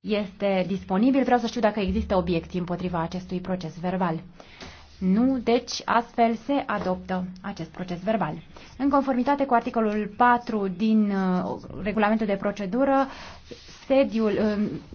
este disponibil. Vreau să știu dacă există obiecții împotriva acestui proces verbal. Nu, deci astfel se adoptă acest proces verbal. În conformitate cu articolul 4 din uh, regulamentul de procedură, sediul, uh,